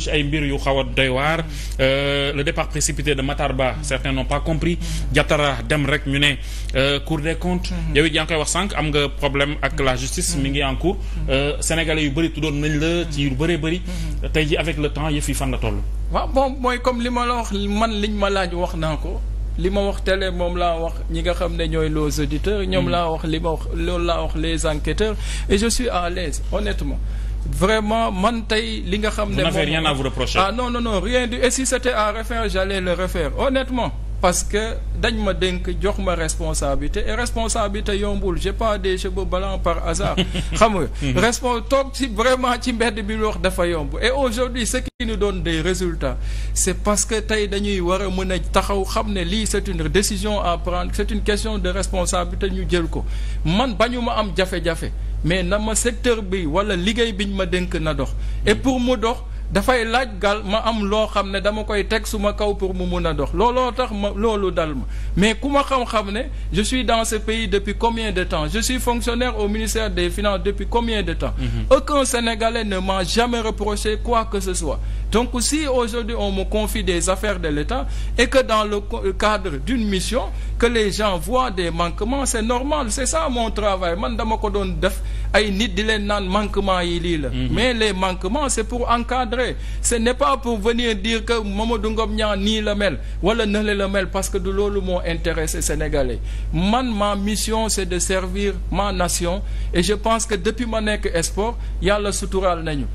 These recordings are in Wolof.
touche ay mbir yu xaw a doy waar euh, le départ précipité de Matar Ba certains n'ont pas compris Diatara dem rek ñu ne euh, Cour des comptes mhm. yow it yaa ngi koy wax sànq am nga problème ak la justice mi ngi en cours mhm. euh, sénégalais yu bëri tuddoon nañ la ci yu bëree bëri mhm. tey ji avec le temps yëf yi fan la toll waaw bon mooy comme li ma la wax man liñ ma laaj wax naa ko li ma wax télé moom laa wax ñi nga xam ne ñooy les auditeurs ñoom laa wax li ma wax loolu laa wax les enquêteurs et vraiment man tey li nga xam ne. vous n'avez rien à ah non non non rien du et si c'était à refaire j'allais le refaire honnêtement. parce que dañ ma dénk jox ma responsabilité et responsabilité yombul j'ai pas de cheveux balan par hasard xam nga mhm. respon toog si vraiment ci mbedd bi lu wax dafa yomb et aujourd'hui ce qui nous donne des résultats c'est parce que tey dañuy war a mën a taxaw xam ne lii c'est une décision à prendre c'est une question de responsabilité ñu jël ko man bañu ma am jafe mais na ma secteur bi wala liggéey ñu ma denk na dox et pour mu dox dafay laaj gal ma am loo xam ne dama koy teg suma kaw pour mu mun a dox looloo tax ma loolu dal ma mais ku ma xam-xam ne je suis dans ce pays depuis combien de temps je suis fonctionnaire au ministère des Finances depuis combien de temps mm-hmm. aucun Sénégalais ne m'a jamais reproché quoi que ce soit donc si aujourd'hui on me confie des affaires de l'État et que dans le cadre d'une mission que les gens voient des manquements normal c'est ça mon travail man dama ko doon def ay nit di leen naan manquement yi lii la mhm. mais les manquements c'est pour encadrer ce n'est pas pour venir dire que Mamadou Ngom Niang nii la mel wala nële la mel parce que du loolu moo intéressé Sénégalais man ma mission c'est de servir ma nation et je pense que depuis ma nekk sport yàlla sutural nañu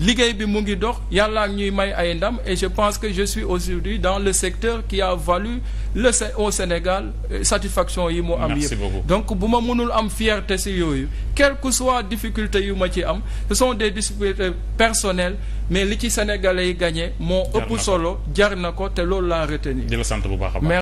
liggéey bi mu ngi dox yàlla ñuy may ay ndam et je pense que je suis aujourd'hui dans le secteur qui a valu le au Sénégal euh, satisfaction yi mu am yëpp donc bu ma mënul am fierté ci yooyu quelle soit difficulté yu ma ci am ce sont des difficultés personnelles mais li ci sénégalais yi gagné moo ëpp solo jar na ko te loolu la retenir sant bu baax